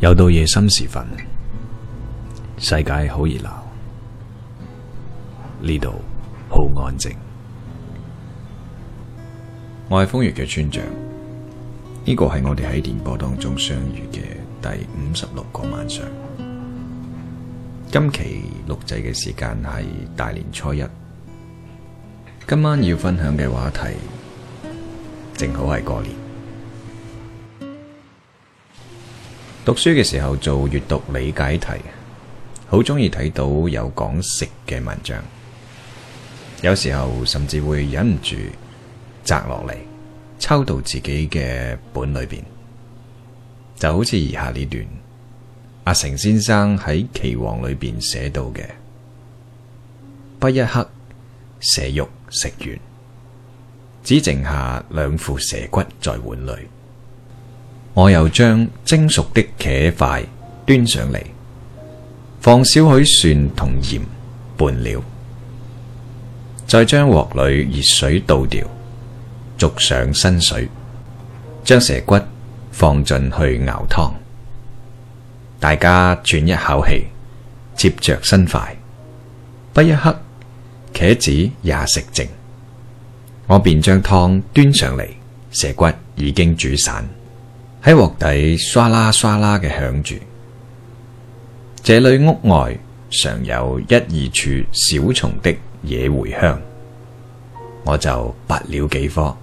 又到夜深時分，世界好熱鬧，呢度好安靜。我係瘋粵嘅村長，呢個係我哋喺電波當中相遇嘅第五十六個晚上。今期錄製嘅時間係大年初一，今晚要分享嘅話題，正好係過年。讀書嘅時候做閱讀理解題，好鍾意睇到有講食嘅文章，有時候甚至會忍唔住摘落嚟，抄到自己嘅本裏邊，就好似以下呢段，阿城先生喺《棋王》裏邊寫到嘅，不一刻，蛇肉食完，只剩下兩副蛇骨在碗裏。我又將蒸熟的茄塊端上嚟，放少許蒜同鹽拌了，再將鍋裏熱水倒掉，續上新水，將蛇骨放進去熬湯。大家喘一口氣，接着伸筷，不一刻茄子也食淨，我便將湯端上嚟，蛇骨已經煮散。喺鍋底刷啦刷啦嘅響住，這裏屋外常有一二處小叢的野茴香，我就拔了幾棵，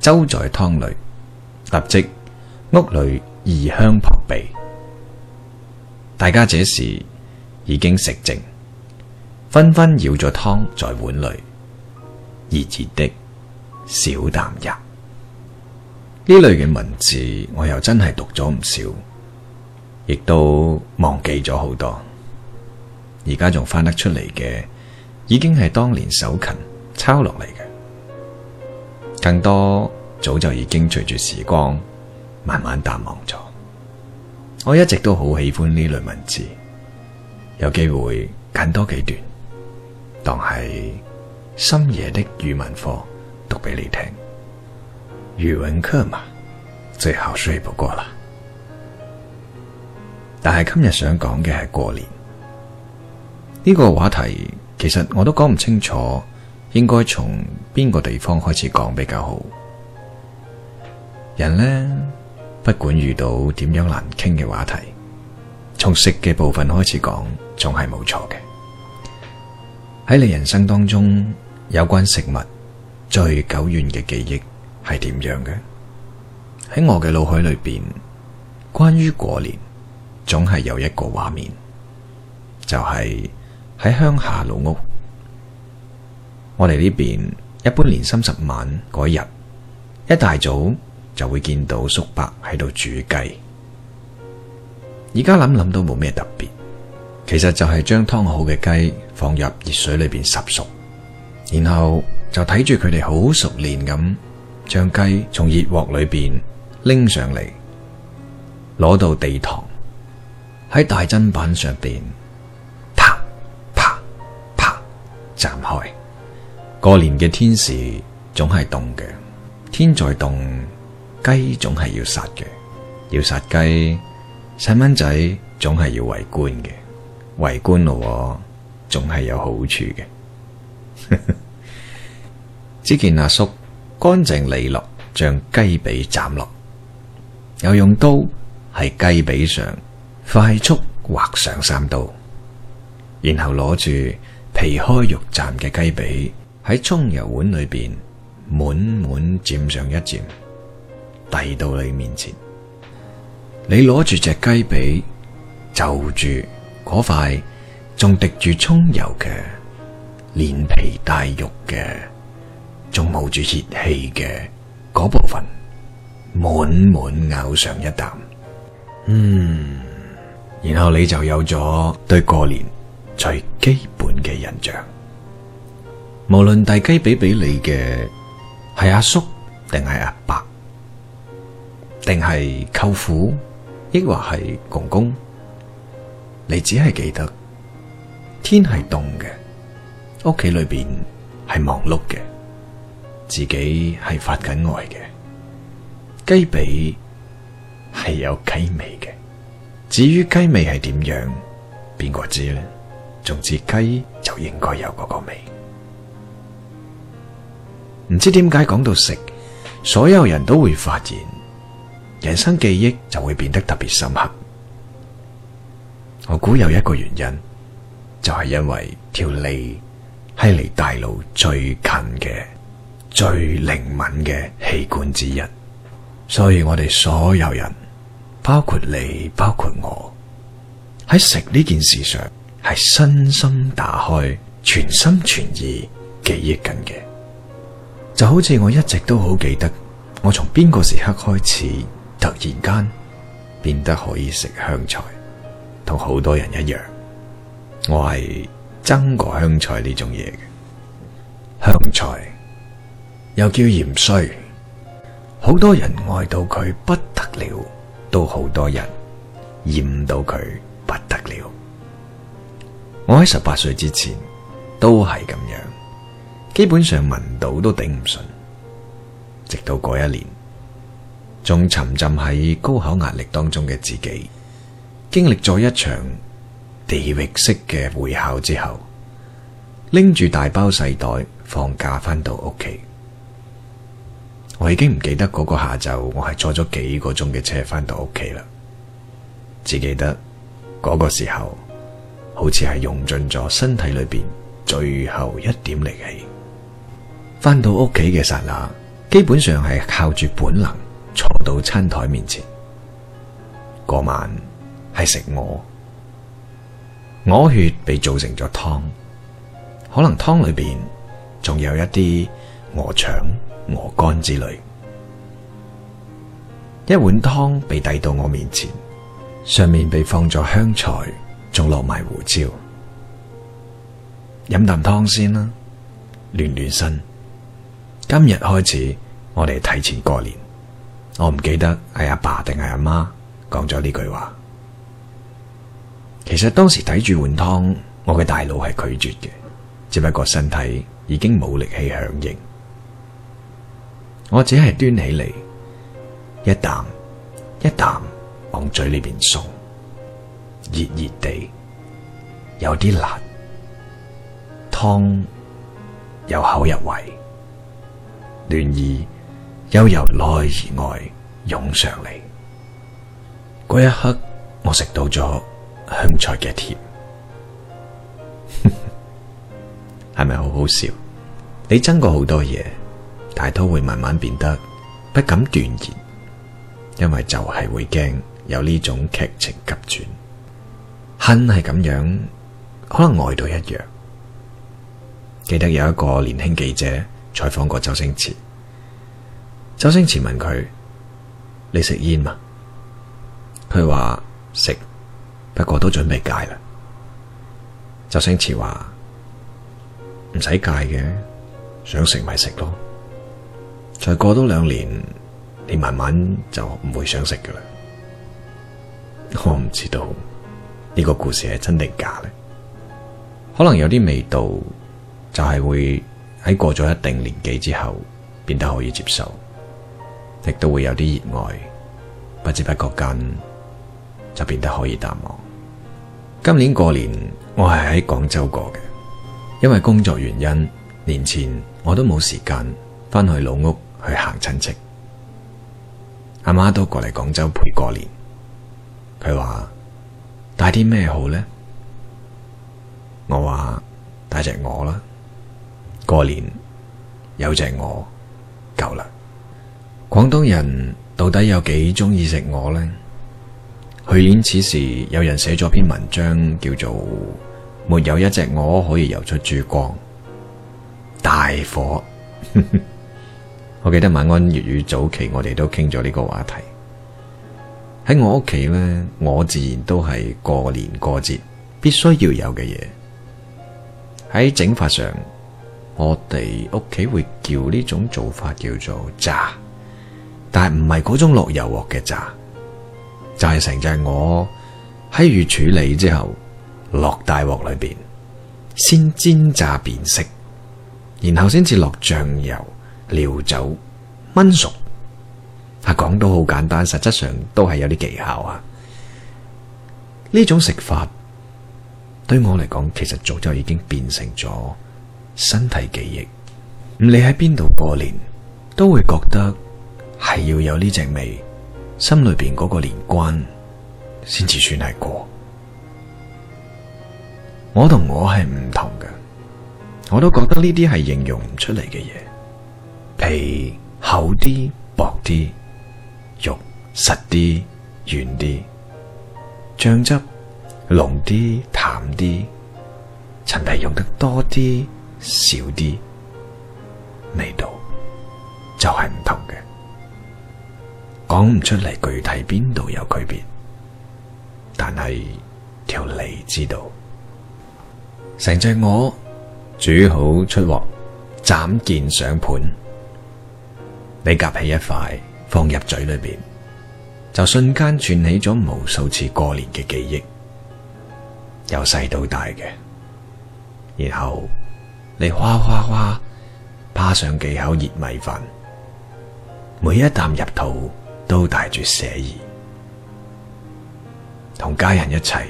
揪在湯裏，立即屋裏異香撲鼻。大家這時已經食淨，紛紛舀咗湯在碗裏，熱熱的小啖入。呢類嘅文字，我又真係讀咗唔少，亦都忘記咗好多。而家仲翻得出嚟嘅，已經係當年手勤抄落嚟嘅。更多早就已經隨住時光慢慢淡忘咗。我一直都好喜歡呢類文字，有機會揀多幾段，當係深夜的語文課讀俾你聽。語文課嘛，最好睡不過啦。但係今日想講嘅係過年呢個話題，其實我都講唔清楚，應該從邊個地方開始講比較好。人呢，不管遇到點樣難傾嘅話題，從食嘅部分開始講，總係冇錯嘅。喺你人生當中有關食物最久遠嘅記憶係點樣嘅？喺我嘅腦海裏邊，關於過年，總係有一個畫面，就係喺鄉下老屋。我哋呢邊一般年三十晚嗰日，一大早就會見到叔伯喺度煮雞。而家諗諗都冇咩特別，其實就係將㓥好嘅雞放入熱水裏邊烚熟，然後就睇住佢哋好熟練咁。將雞從熱鍋裏邊拎上嚟，攞到地堂喺大砧板上邊，啪啪啪斬開。過年嘅天時總係凍嘅，天再凍，雞總係要殺嘅，要殺雞，細蚊仔總係要圍觀嘅，圍觀咯，總係有好處嘅。只見阿叔。乾淨利落，將雞髀斬落，又用刀喺雞髀上快速劃上三刀，然後攞住皮開肉綻嘅雞髀喺蔥油碗裏邊滿滿沾上一沾，遞到你面前。你攞住隻雞髀，就住嗰塊仲滴住蔥油嘅，連皮帶肉嘅，仲冒住熱氣嘅嗰部分，滿滿咬上一啖，嗯，然後你就有咗對過年最基本嘅印象。無論大雞比俾你嘅係阿叔，定係阿伯，定係舅父，抑或係公公，你只係記得天係凍嘅，屋企裏邊係忙碌嘅。自己係發緊呆嘅，雞髀，係有雞味嘅。至於雞味係點樣，邊個知咧？總之雞就應該有嗰個味。唔知點解講到食，所有人都會發現，人生記憶就會變得特別深刻。我估有一個原因，就係、是、因為條脷係離大腦最近嘅。最靈敏嘅器官之一，所以我哋所有人，包括你，包括我，喺食呢件事上係身心打開、全心全意記憶緊嘅。就好似我一直都好記得，我從邊個時刻開始，突然間變得可以食香菜，同好多人一樣，我係憎過香菜呢種嘢嘅。香菜，又叫芫荽，好多人愛到佢不得了，都好多人厭到佢不得了。我喺十八歲之前都係咁樣，基本上聞到都頂唔順。直到嗰一年，仲沉浸喺高考壓力當中嘅自己，經歷咗一場地獄式嘅會考之後，拎住大包細袋，放假翻到屋企。我已經唔記得嗰個下晝，我係坐咗幾個鐘嘅車翻到屋企啦。只記得嗰個時候，好似係用盡咗身體裏邊最後一點力氣。翻到屋企嘅剎那，基本上係靠住本能坐到餐台面前。嗰晚係食鵝，鵝血被做成咗湯，可能湯裏邊仲有一啲鵝腸。鵝肝之類，一碗湯被遞到我面前，上面被放咗香菜，仲落埋胡椒。飲啖湯先啦，暖暖身。今日開始，我哋提前過年。我唔記得係阿爸定係阿媽講咗呢句話。其實當時睇住碗湯，我嘅大腦係拒絕嘅，只不過身體已經冇力氣響應。我只係端起嚟，一啖一啖往嘴裏邊送，熱熱地，有啲辣，湯由口入胃，暖意又由內而外湧上嚟。嗰一刻，我食到咗香菜嘅甜，係咪好好笑？你憎過好多嘢。大都會慢慢變得不敢斷言，因為就係會驚有呢種劇情急轉。恨係咁樣，可能愛都一樣。記得有一個年輕記者採訪過周星馳，周星馳問佢：你食煙嗎？佢話食，不過都準備戒啦。周星馳話唔使戒嘅，想食咪食咯。再過多兩年，你慢慢就唔會想食噶啦。我唔知道呢個故事係真定假咧？可能有啲味道就係會喺過咗一定年紀之後變得可以接受，亦都會有啲熱愛，不知不覺間就變得可以淡忘。今年過年我係喺廣州過嘅，因為工作原因，年前我都冇時間翻去老屋。去行親戚，阿媽都過嚟廣州陪過年。佢話帶啲咩好呢？我話帶隻鵝啦，過年有隻鵝夠啦。廣東人到底有幾鍾意食鵝呢？去年此時，有人寫咗篇文章，叫做《沒有一隻鵝可以游出珠江》，大火。 我記得晚安粵語早期，我哋都傾咗呢個話題。喺我屋企呢，鵝自然都係過年過節必須要有嘅嘢。喺整法上，我哋屋企會叫呢種做法叫做炸，但係唔係嗰種落油鑊嘅炸，炸成就係，隻鵝喺預處理之後落大鑊裏邊先煎炸變色，然後先至落醬油。料酒燜熟，啊，講到好簡單，實質上都係有啲技巧啊。呢種食法對我嚟講，其實早就已經變成咗身體記憶。唔理喺邊度過年，都會覺得係要有呢隻味，心裏邊嗰個年關先至算係過。鵝，鵝同鵝係唔同嘅，我都覺得呢啲係形容唔出嚟嘅嘢。皮厚啲、薄啲，肉實啲、軟啲，醬汁濃啲、淡啲，陳皮用得多啲、少啲，味道就係唔同嘅。講唔出嚟具體邊度有區別，但係條脷知道。成隻鵝煮好出鑊，斬件上盤。你夾起一塊放入嘴裏邊，就瞬間串起咗無數次過年嘅記憶，由細到大嘅。然後你嘩嘩嘩扒上幾口熱米飯，每一啖入肚都帶住寫意，同家人一齊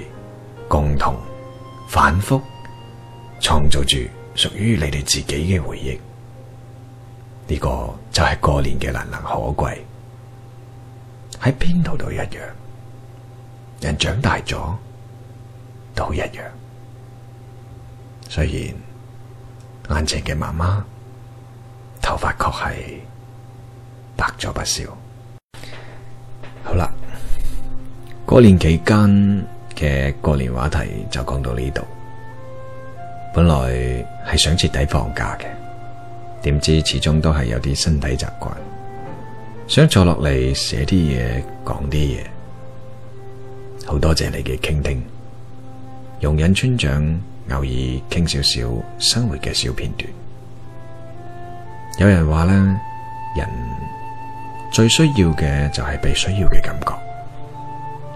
共同反複創造住屬於你哋自己嘅回憶。呢、這個，就係過年嘅難能可貴，喺邊度都一樣。人長大咗都一樣，雖然眼前嘅媽媽頭髮確係白咗不少。好啦，過年期間嘅過年話題就講到呢度。本來係想徹底放假嘅。點知始終都係有啲身體習慣，想坐落嚟寫啲嘢，講啲嘢。好多謝你嘅傾聽，容忍村長偶爾傾少少生活嘅小片段。有人話咧，人最需要嘅就係被需要嘅感覺，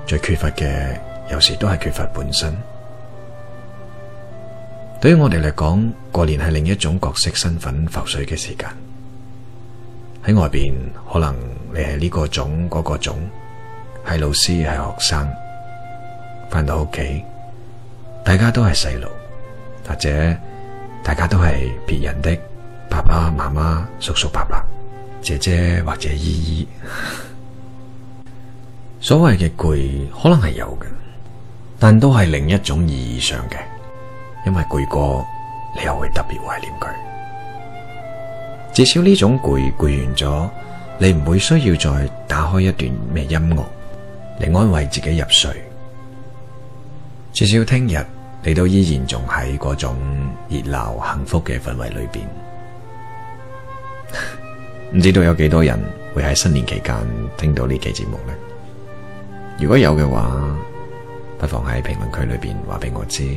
最缺乏嘅有時都係缺乏本身。對於我哋嚟講，過年係另一種角色身份浮水嘅時間。喺外邊可能你係呢個種嗰個種，係老師，係學生。翻到屋企，大家都係細路，或者大家都係別人的爸爸媽媽、叔叔伯伯、姐姐或者姨姨。 所謂嘅攰可能係有嘅，但都係另一種意義上嘅。因為攰過，你又會特別懷念佢。至少呢種攰攰完咗，你唔會需要再打開一段咩音樂嚟安慰自己入睡。至少聽日你都依然仲喺嗰種熱鬧幸福嘅氛圍裏邊。唔 知道有幾多人會喺新年期間聽到呢期節目呢？如果有嘅話，不妨喺評論區裏邊話俾我知。